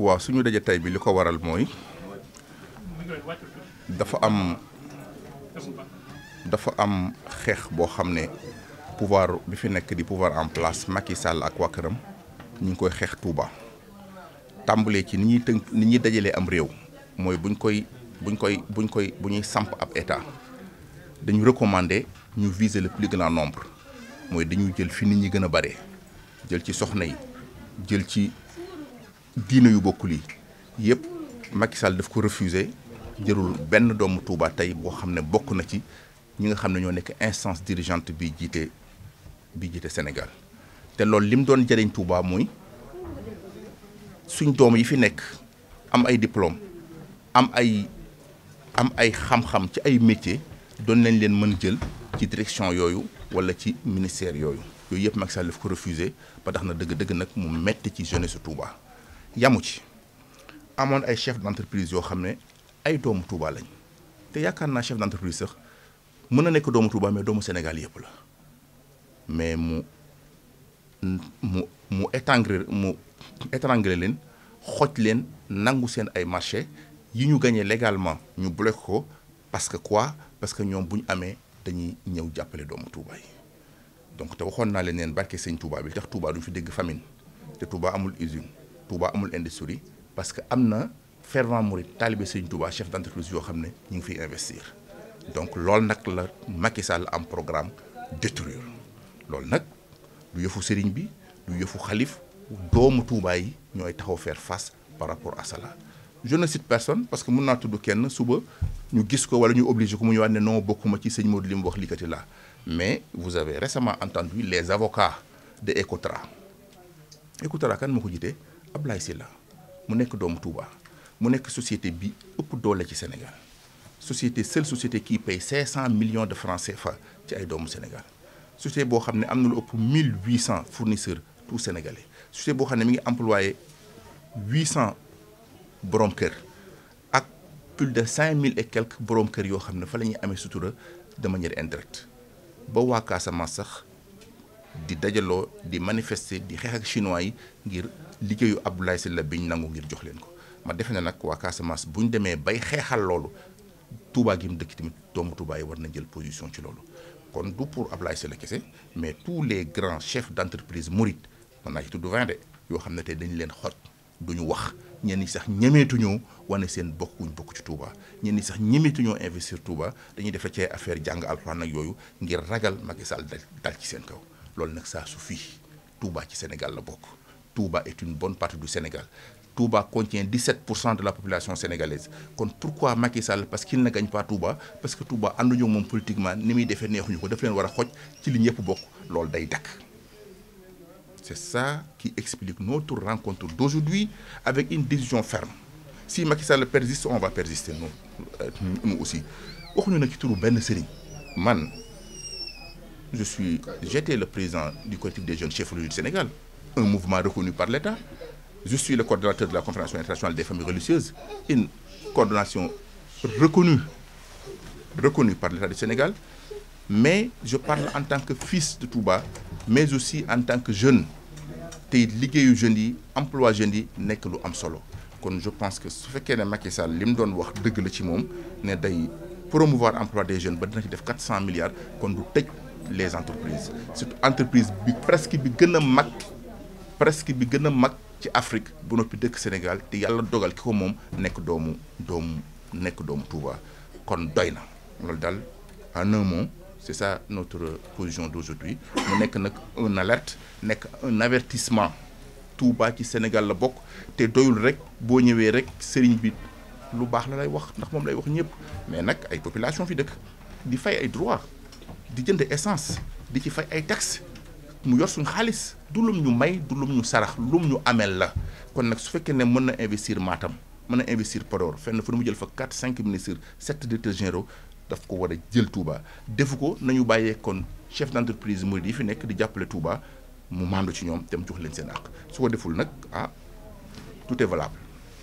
waaw suñu daje tey bi li ko waral mooy dafa am dafa am xeex boo xam ne pouvoir bi fi nekk di pouvar en place Macky Sall ak waa këram ñu ngi koy xeex Touba tàmbalee ci ni ñuy tënk ni ñuy dajalee am réew mooy buñ koy buñ koy buñ koy bu ñuy samp ab état dañu recommander ñu viser le plus grand nombre mooy dañuy jël fi nit ñi gën a bare jël ci soxna yi jël ci. diine yu bokkul yi yëpp Macky Sall daf ko refusé jërul benn doomu Touba tey boo xam ne bokk na ci ñi nga xam ne ñoo nekk instance dirigeante bi jiite bi jiite Sénégal te loolu lim doon jëriñ Touba mooy suñ doom yi fi nekk am ay diplôme am ay am ay xam-xam ci ay métier doon nañ leen mën jël ci direction yooyu wala ci ministère yooyu yooyu yëpp Macky daf ko refusé ba tax na dëgg-dëgg nag mu metti ci jeunesse Touba. yamu ci amoon ay chef d' entreprise yoo xam ne ay doomu Touba lañ te yaakaar naa chef d' entreprise sax mën na nekk doomu Touba mais doomu Sénégal yëpp la mais mu mu mu étangre mu étranglé leen xooj leen nangu seen ay marché yi ñu gagné légalement ñu bloqué ko parce que quoi parce que ñoom bu ñu amee dañuy ñëw jàppale doomu Touba yi donc te waxoon naa leen neen barke sëñ Touba bi tax Touba duñ fi dégg famine te Touba amul usine Touba amul industrie parce que am na fervent mouride taalibe Serigne Touba chef d'entreprise yoo xam ne ñu ngi fiy investir donc loolu nag la Macky Sall am programme détruire loolu nag du yëfu Serigne bi du yëfu xalif doomu Touba yi ñooy taxaw faire face par rapport à cela je ne cite personne parce que mun naa tudd kenn suba ñu gis ko wala ñu obligé ko mu ñëwaat ne non bokkuma ci sëñ Modou limu mu wax likati laa mais vous avez récemment entendu les avocats de Ecotra Ecotra kan moo Ablaye Sylla mu nekk doomu Touba mu nekk société bi ëpp doole ci Sénégal société seule société qui paye 500 millions de francs fa ci ay doomu Sénégal société boo xam ne am na lu ëpp 1800 fournisseurs tout sénégalais société boo xam ne mu ngi employé 800 borom kër ak plus de cinq mille et quelque borom kër yoo xam ne fa la ñuy amee sutura dama manière indirecte ba waa Casamance sax. di dajaloo di manifester di xeex ak chinois yi ngir liggéeyu Abdoulaye Sylla biñ nangu ngir jox leen ko ma defe ne nag waa Casamance bu ñu demee bay xeexal loolu Touba gi mu dëkk tamit doomu Touba yi war na jël position ci loolu kon du pour Abdoulaye la kese mais tous les grands chefs d'entreprise mouride mën naa ci tudd vingt de yoo xam ne te dañu leen xoj duñu wax ñenn ñi sax ñemeetuñoo wane seen bokk guñ bokk ci Touba ñenn ñi sax ñemeetuñoo investir Touba dañuy def ci affaire jàng alxuraan ak yooyu ngir ragal Macky Sall dal ci seen kaw. loolu nag saa su fi Touba ci Sénégal la bokk Touba est une bonne partie du Sénégal Touba contient 17 pour cent de la population sénégalaise kon pourquoi Macky Sall parce qu'il ne gagne pas Touba parce que Touba ànduñu moom politiquement ni muy defee neexuñu ko daf leen war a xoj ci li ñëpp bokk loolu day dakk c'est ça qui explique notre rencontre d'aujourd'hui avec une décision ferme si Macky Sall persiste on va persister nous euh, nous aussi waxuñu ci turu benn sëriñ man. je suis j'étais le président du collectif des jeunes chefs religieux du Sénégal un mouvement reconnu par l'État je suis le coordonnateur de la confédération internationale des familles religieuses une coordination reconnue par l'État du Sénégal mais je parle en tant que fils de Touba mais aussi en tant que jeune te liggéeyu jeunes yi emploi jeunes yi nekk lu am solo kon je pense que su fekkee ne Macky Sall li mu doon wax dëgg la ci moom ne day promouvoir emploi des jeunes ba dina ci def 400 milliards kon du tëj les entreprises surtout entreprise bi presque bi gën a mag presque bi gën a mag ci Afrique bu noppi dëkk Sénégal te yàlla dogal ki ko moom nekk doomu doomu nekk doomu Touba kon doy na loolu dal en un mot c'est ça notre position d'aujourd'hui mu nekk nag un alerte nekk un avertissement Touba ci Sénégal la bokk te doyul rek boo ñëwee rek sëriñ bi lu baax la lay wax ndax moom lay wax ñëpp mais nag ay population fi dëkk di fay ay droit di jënd essence di ci fay ay taxes mu yor suñu xaalis du lum ñu may du lum ñu sarax lum ñu amel la kon nag su fekkee ne mën na investir Matam mën na investir Podor fenn fu mu jël fa 4 5 ministres 7 directeurs généraux daf ko war a jël Touba defu ko nañu bàyyee kon chef d'entreprise murid yi fi nekk di jàppale Touba mu maandu ci ñoom dem jox leen seen àq su ko deful nag ah tout est valable.